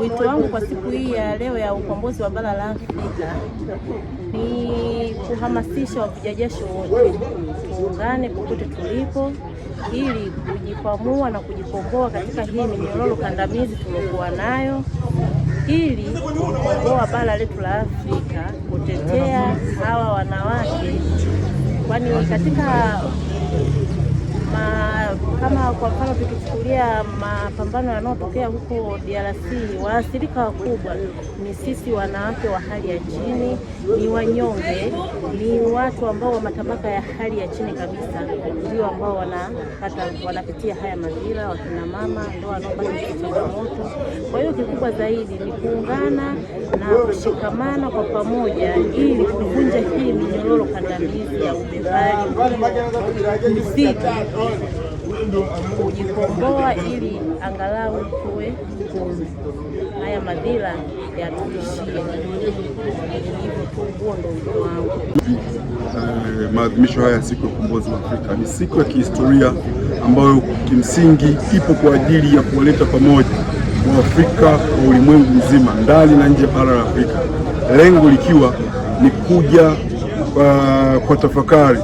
Wito wangu kwa siku hii ya leo ya ukombozi wa bara la Afrika ni kuhamasisha wavuja wote tuungane popote tulipo, ili kujikwamua na kujikomboa katika hii minyororo kandamizi tuliokuwa nayo, ili kukomboa bara letu la Afrika, kutetea hawa wanawake, kwani katika kwa mfano tukichukulia mapambano yanayotokea huko DRC, waathirika wakubwa ni sisi wanawake wa hali ya chini, ni wanyonge, ni watu ambao wa matabaka ya hali ya chini kabisa, ndio ambao wanapata wanapitia haya madhila, wakina mama ndio wanaopata changamoto. Kwa hiyo kikubwa zaidi ni kuungana na kushikamana kwa pamoja, ili kuvunja hii minyororo kandamizi ya ubebaji mzito kujikomboa ili angalau kuwe haya madhila yatuishie. Hivyo ndo wito eh, Maadhimisho haya ya siku ya ukombozi wa Afrika ni siku ya kihistoria ambayo kimsingi ipo kwa ajili ya kuwaleta pamoja Waafrika wa ulimwengu mzima, ndani na nje ya bara la Afrika, lengo likiwa ni kuja uh, kwa tafakari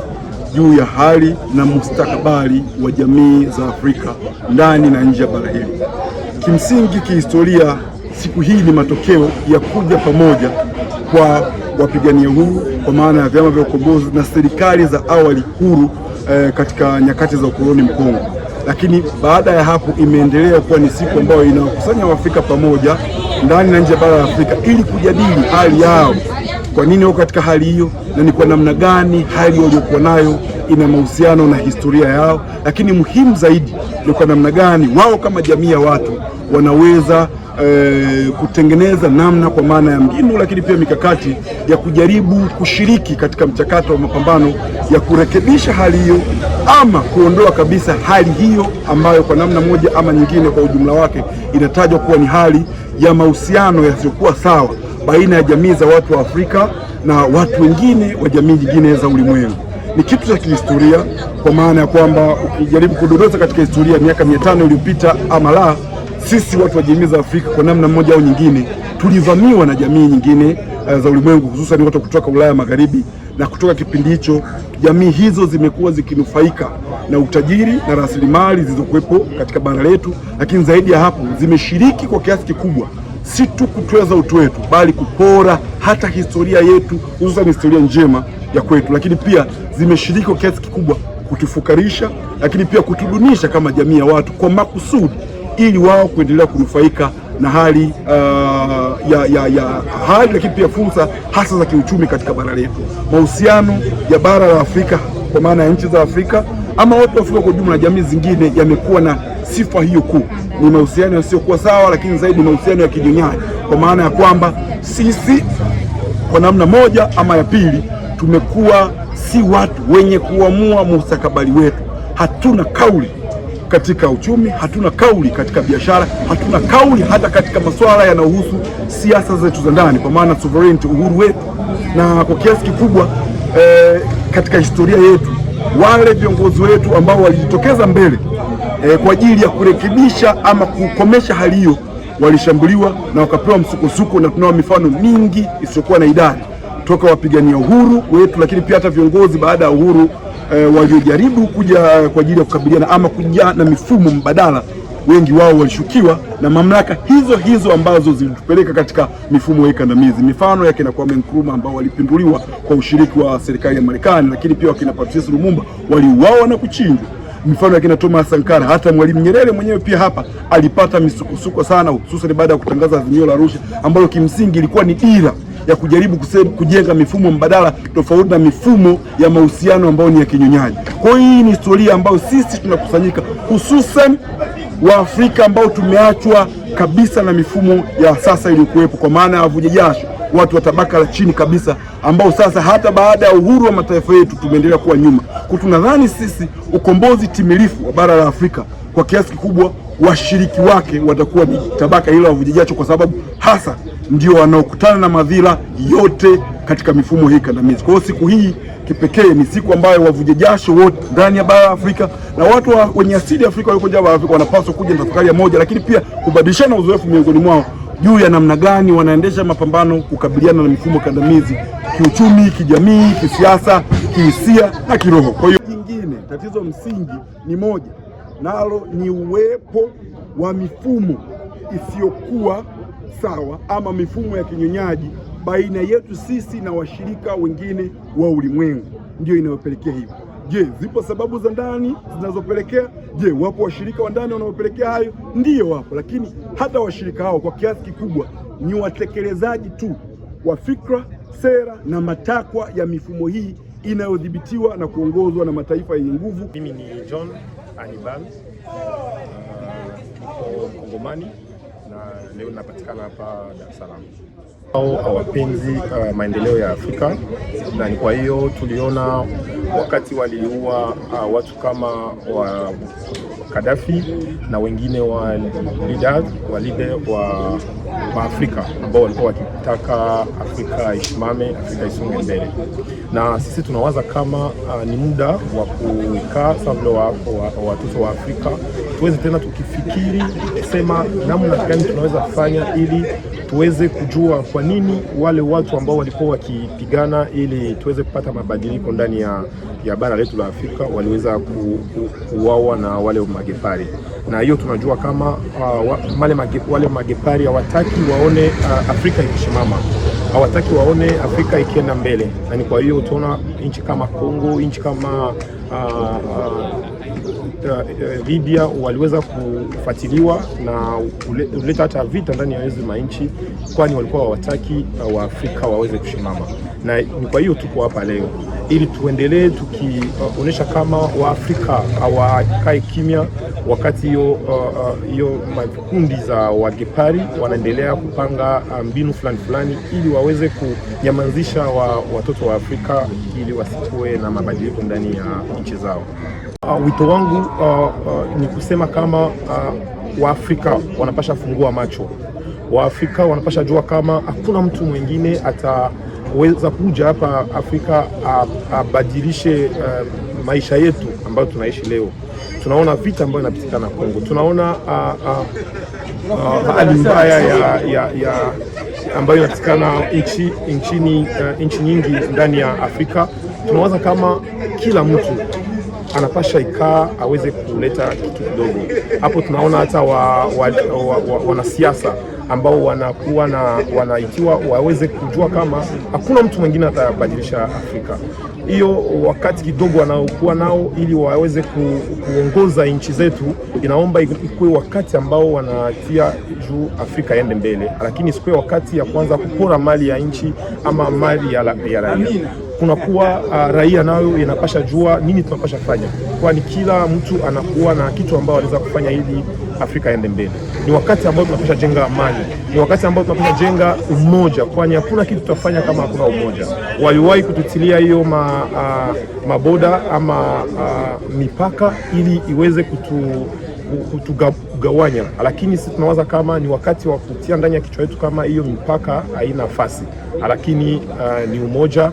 juu ya hali na mustakabali wa jamii za Afrika ndani na nje ya bara hili. Kimsingi, kihistoria, siku hii ni matokeo ya kuja pamoja kwa wapigania uhuru kwa maana ya vyama vya ukombozi na serikali za awali huru eh, katika nyakati za ukoloni mkongo. Lakini baada ya hapo imeendelea kuwa ni siku ambayo inawakusanya Waafrika pamoja ndani na nje ya bara la Afrika ili kujadili hali yao kwa nini wako katika hali hiyo na ni kwa namna gani hali waliokuwa nayo ina mahusiano na historia yao, lakini muhimu zaidi ni kwa namna gani wao kama jamii ya watu wanaweza e, kutengeneza namna kwa maana ya mbinu, lakini pia mikakati ya kujaribu kushiriki katika mchakato wa mapambano ya kurekebisha hali hiyo ama kuondoa kabisa hali hiyo ambayo kwa namna moja ama nyingine, kwa ujumla wake inatajwa kuwa ni hali ya mahusiano yasiyokuwa sawa baina ya jamii za watu wa Afrika na watu wengine wa jamii nyingine za ulimwengu. Ni kitu cha kihistoria kwa maana ya kwamba ukijaribu kudodosa katika historia miaka mia tano iliyopita ama la, sisi watu wa jamii za Afrika kwa namna mmoja au nyingine tulivamiwa na jamii nyingine eh, za ulimwengu, hususan watu kutoka Ulaya Magharibi, na kutoka kipindi hicho jamii hizo zimekuwa zikinufaika na utajiri na rasilimali zilizokuwepo katika bara letu, lakini zaidi ya hapo zimeshiriki kwa kiasi kikubwa si tu kutweza utu wetu, bali kupora hata historia yetu, hususan historia njema ya kwetu, lakini pia zimeshiriki kwa kiasi kikubwa kutufukarisha, lakini pia kutudunisha kama jamii ya watu kwa makusudi, ili wao kuendelea kunufaika na hali uh, ya, ya, ya hali lakini pia fursa hasa za kiuchumi katika bara letu. Mahusiano ya bara la Afrika kwa maana ya nchi za Afrika ama watu wa Afrika kwa ujumla na jamii zingine yamekuwa na sifa hiyo kuu ni mahusiano yasiyokuwa sawa, lakini zaidi ni mahusiano ya kidunyani, kwa maana ya kwamba sisi kwa namna moja ama ya pili tumekuwa si watu wenye kuamua mustakabali wetu. Hatuna kauli katika uchumi, hatuna kauli katika biashara, hatuna kauli hata katika masuala yanayohusu siasa zetu za ndani, kwa maana sovereignty, uhuru wetu. Na kwa kiasi kikubwa eh, katika historia yetu wale viongozi wetu ambao walijitokeza mbele e, kwa ajili ya kurekebisha ama kukomesha hali hiyo, walishambuliwa na wakapewa msukosuko, na tunao mifano mingi isiyokuwa na idadi toka wapigania uhuru wetu, lakini pia hata viongozi baada ya uhuru e, waliojaribu kuja kwa ajili ya kukabiliana ama kuja na mifumo mbadala wengi wao walishukiwa na mamlaka hizo hizo ambazo zilitupeleka katika mifumo ya kandamizi. Mifano yake na Kwame Nkrumah ambao walipinduliwa kwa ushiriki wa serikali ya Marekani, lakini pia wakina Patrice Lumumba waliuawa na kuchinjwa mfano ya kina Thomas Sankara, hata Mwalimu Nyerere mwenyewe pia hapa alipata misukosuko sana, hususan baada ya kutangaza azimio la Arusha ambalo kimsingi ilikuwa ni dira ya kujaribu kusema, kujenga mifumo mbadala tofauti na mifumo ya mahusiano ambayo ni ya kinyonyaji. Kwa hiyo hii ni historia ambayo sisi tunakusanyika hususan Waafrika ambao tumeachwa kabisa na mifumo ya sasa iliyokuwepo, kwa maana ya wavuja jasho watu wa tabaka la chini kabisa, ambao sasa hata baada ya uhuru wa mataifa yetu tumeendelea kuwa nyuma. Tunadhani sisi ukombozi timilifu wa bara la Afrika kwa kiasi kikubwa washiriki wake watakuwa ni tabaka hilo la vijijacho, kwa sababu hasa ndio wanaokutana na madhila yote katika mifumo hii kandamizi. Kwa hiyo siku hii kipekee ni siku ambayo wavuja jasho wote ndani ya bara la Afrika na watu wa, wenye asili ya Afrika walioko nje ya bara la Afrika wanapaswa kuja na tafakari ya moja, lakini pia kubadilishana uzoefu miongoni mwao juu ya namna gani wanaendesha mapambano kukabiliana na mifumo kandamizi kiuchumi, kijamii, kisiasa, kihisia na kiroho. Kwa hiyo jingine, tatizo msingi ni moja, nalo ni uwepo wa mifumo isiyokuwa sawa ama mifumo ya kinyonyaji baina yetu sisi na washirika wengine wa ulimwengu, ndiyo inayopelekea hivyo. Je, zipo sababu za ndani zinazopelekea? Je, wapo washirika wa ndani wanaopelekea hayo? Ndiyo, wapo, lakini hata washirika hao kwa kiasi kikubwa ni watekelezaji tu wa fikra, sera na matakwa ya mifumo hii inayodhibitiwa na kuongozwa na mataifa yenye nguvu. Mimi ni John Anibal, uh, niko Kongomani na leo napatikana hapa Dar es Salaam au hawapenzi uh, maendeleo ya Afrika, na kwa hiyo tuliona wakati waliua uh, watu kama wa kadafi na wengine wa leaders, wa leader wa Afrika ambao walikuwa wakitaka Afrika isimame, Afrika isonge mbele, na sisi tunawaza kama uh, ni muda wa kukaa sablo wako watoto wa Afrika tuweze tena tukifikiri sema namna gani tunaweza kufanya ili tuweze kujua kwa nini wale watu ambao walikuwa wakipigana ili tuweze kupata mabadiliko ndani ya, ya bara letu la Afrika waliweza kuuawa na wale magepari, na hiyo tunajua kama uh, wale, mage, wale magepari hawataki waone uh, Afrika ikisimama hawataki waone Afrika ikienda mbele, na ni kwa hiyo utaona nchi kama Kongo, nchi kama uh, uh, Eh, eh, Libya waliweza kufuatiliwa na kuleta hata vita ndani ya hizi manchi, kwani walikuwa wawataki eh, Waafrika waweze kushimama na ni kwa hiyo tuko hapa leo ili tuendelee tukionyesha kama Waafrika hawakae kimya wakati hiyo hiyo uh, makundi za wagepari wanaendelea kupanga mbinu fulani fulani ili waweze kunyamazisha wa, watoto wa Afrika ili wasikuwe na mabadiliko ndani ya nchi zao. Uh, wito wangu uh, uh, ni kusema kama uh, Waafrika wanapasha fungua macho. Waafrika wanapasha jua kama hakuna mtu mwingine ataweza kuja hapa Afrika uh, abadilishe uh, maisha yetu ambayo tunaishi leo. Tunaona vita ambayo inapitikana Kongo, tunaona hali uh, uh, uh, mbaya ya, ya, ya ambayo inapatikana nchi nchini uh, nchi nyingi ndani ya Afrika. Tunawaza kama kila mtu anapasha ikaa aweze kuleta kitu kidogo. Hapo tunaona hata wanasiasa wa, wa, wa, wa ambao wanakuwa na wanaitiwa waweze kujua kama hakuna mtu mwingine atabadilisha Afrika hiyo wakati kidogo wanaokuwa nao ili waweze ku, kuongoza nchi zetu, inaomba ikuwe wakati ambao wanatia juu Afrika iende mbele, lakini sikuwe wakati ya kwanza kupora mali ya nchi ama mali ya raia kunakuwa uh, raia nayo inapasha jua nini tunapasha fanya, kwani kila mtu anakuwa na kitu ambao anaweza kufanya ili Afrika aende mbele. Ni wakati ambao tunapasha jenga amani, ni wakati ambao tunapasha jenga umoja, kwani hakuna kitu tutafanya kama hakuna umoja. Waliwahi kututilia hiyo ma, uh, maboda ama uh, mipaka ili iweze kutu kutugawanya lakini sisi tunawaza kama ni wakati wa kutia ndani ya kichwa yetu kama hiyo mipaka haina nafasi, lakini uh, ni umoja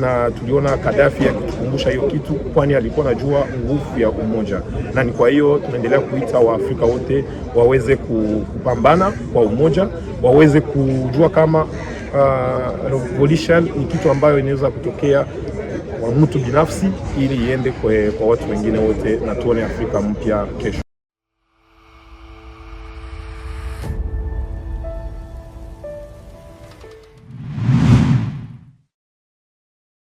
na tuliona Kadafi akitukumbusha hiyo kitu, kwani alikuwa anajua nguvu ya umoja, na ni kwa hiyo tunaendelea kuita Waafrika wote waweze kupambana kwa umoja, waweze kujua kama uh, revolution ni kitu ambayo inaweza kutokea kwa mtu binafsi, ili iende kwa, kwa watu wengine wote, na tuone Afrika mpya kesho.